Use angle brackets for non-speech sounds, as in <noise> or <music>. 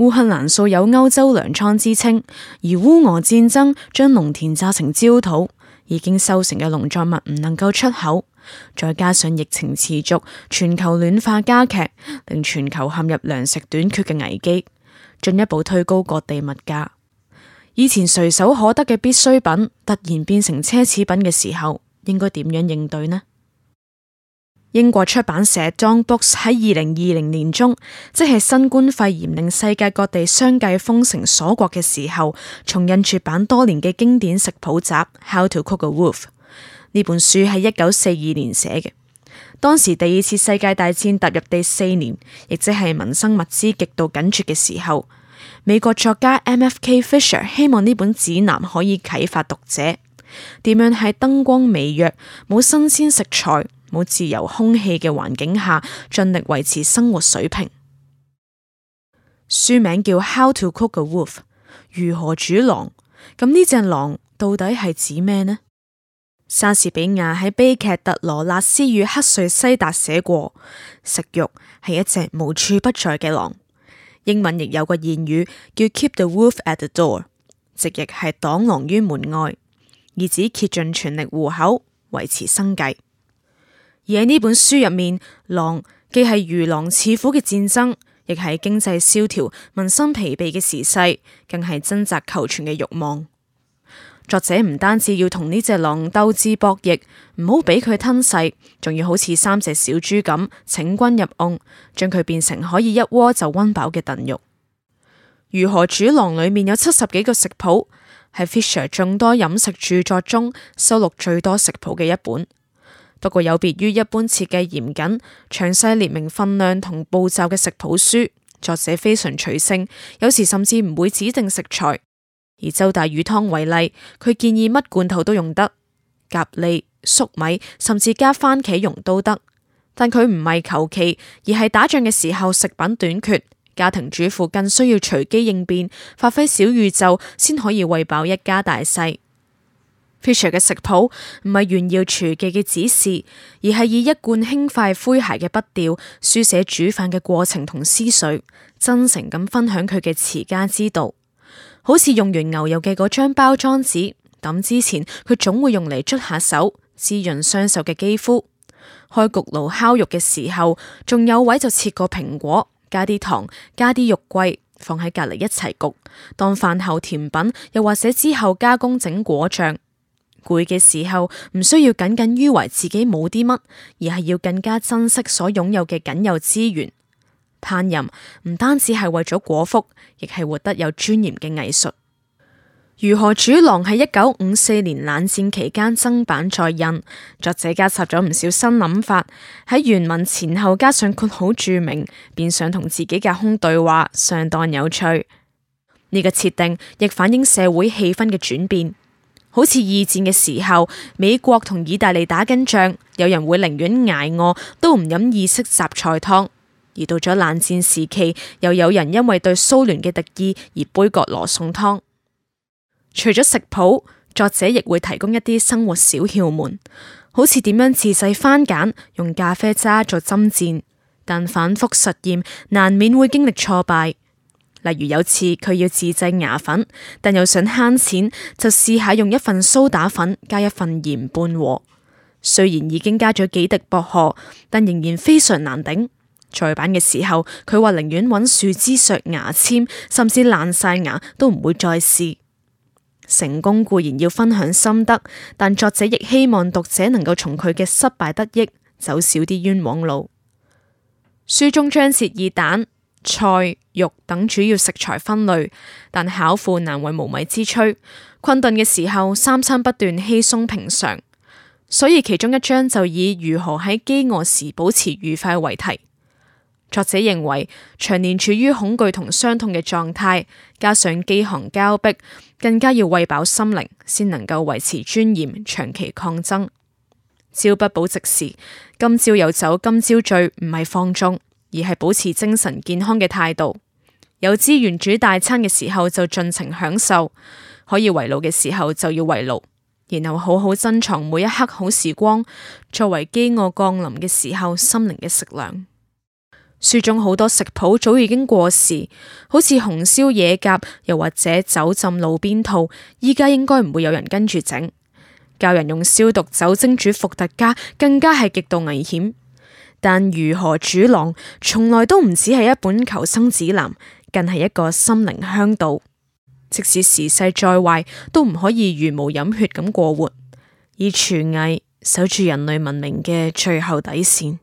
烏克蘭素有歐洲糧倉之稱，而烏俄戰爭將農田炸成焦土，已經收成嘅農作物唔能夠出口，再加上疫情持續，全球暖化加劇，令全球陷入糧食短缺嘅危機，進一步推高各地物價。以前隨手可得嘅必需品突然變成奢侈品嘅時候，應該點樣應對呢？英國出版社 John Books 喺二零二零年中，即係新冠肺炎令世界各地相繼封城鎖國嘅時候，重印絕版多年嘅經典食譜集《How to Cook a Wolf》。呢本書係一九四二年寫嘅。當時第二次世界大戰踏入第四年，亦即係民生物資極度緊缺嘅時候，美國作家 M.F.K. Fisher 希望呢本指南可以啟發讀者點樣喺燈光微弱、冇新鮮食材、冇自由空氣嘅環境下，盡力維持生活水平。書名叫《How to Cook a Wolf》，如何煮狼？咁呢隻狼到底係指咩呢？莎士比亞喺悲劇《特羅勒斯與克瑞西達》寫過，食欲係一隻無處不在嘅狼。英文亦有個諺語叫 “Keep the wolf at the door”，直譯係擋狼於門外，意指竭盡全力糊口，維持生計。而喺呢本書入面，狼既係如狼似虎嘅戰爭，亦係經濟蕭條、民生疲憊嘅時勢，更係掙扎求存嘅欲望。作者唔單止要同呢隻狼鬥智博弈，唔好俾佢吞噬，仲要好似三隻小豬咁，請君入甕，將佢變成可以一窩就溫飽嘅燉肉。如何煮狼裏面有七十幾個食譜，係 Fisher 眾多飲食著作中收錄最多食譜嘅一本。不過有別於一般設計嚴謹、詳細列明分量同步驟嘅食譜書，作者非常隨性，有時甚至唔會指定食材。以周大魚湯為例，佢建議乜罐頭都用得，蛤蜊、粟米甚至加番茄蓉都得。但佢唔係求其，而係打仗嘅時候食品短缺，家庭主婦更需要隨機應變，發揮小宇宙，先可以餵飽一家大細。feature 嘅食譜唔係炫耀廚技嘅指示，而係以一貫輕快詼諧嘅筆調書寫煮飯嘅過程同思緒，真誠咁分享佢嘅持家之道。好似用完牛油嘅嗰張包裝紙，抌之前佢總會用嚟捽下手，滋潤雙手嘅肌膚。開焗爐烤肉嘅時候，仲有位就切個蘋果，加啲糖，加啲肉桂，放喺隔籬一齊焗，當飯後甜品，又或者之後加工整果醬。攰嘅時候，唔需要僅僅於為自己冇啲乜，而係要更加珍惜所擁有嘅僅有資源。烹飪唔單止係為咗果腹，亦係活得有尊嚴嘅藝術。如何煮狼，喺一九五四年冷戰期間增版再印，作者加插咗唔少新諗法，喺原文前後加上括號註明，變相同自己嘅隔空對話，相當有趣。呢個設定亦反映社會氣氛嘅轉變。好似二戰嘅時候，美國同意大利打緊仗，有人會寧願捱餓都唔飲意式雜菜湯；而到咗冷戰時期，又有人因為對蘇聯嘅敵意而杯葛羅宋湯。除咗食譜，作者亦會提供一啲生活小竅門，好似點樣自製番梘、用咖啡渣做針氈，但反覆實驗難免會經歷挫敗。例如有次佢要自製牙粉，但又想慳錢，就試下用一份蘇打粉加一份鹽拌和。雖然已經加咗幾滴薄荷，但仍然非常難頂。在版嘅時候，佢話寧願搵樹枝削牙籤，甚至爛晒牙都唔會再試。成功固然要分享心得，但作者亦希望讀者能夠從佢嘅失敗得益，走少啲冤枉路。書中將設二蛋。菜肉等主要食材分類，但巧婦難為無米之炊，困頓嘅時候三餐不斷稀鬆平常，所以其中一章就以如何喺飢餓時保持愉快為題。作者認為，長年處於恐懼同傷痛嘅狀態，加上飢寒交迫，更加要餵飽心靈，先能夠維持尊嚴，長期抗爭。朝不保夕時，今朝有酒今朝醉，唔係放縱。而係保持精神健康嘅態度，有資源煮大餐嘅時候就盡情享受，可以圍爐嘅時候就要圍爐，然後好好珍藏每一刻好時光，作為飢餓降臨嘅時候，心靈嘅食糧。 <noise> 書中好多食譜早已已經過時，好似紅燒野鴿，又或者酒浸路邊兔，依家應該唔會有人跟住整。教人用消毒酒精煮伏特加，更加係極度危險。但如何煮狼，從來都唔只係一本求生指南，更係一個心靈嚮導。即使時勢再壞，都唔可以茹毛飲血咁過活，以廚藝守住人類文明嘅最後底線。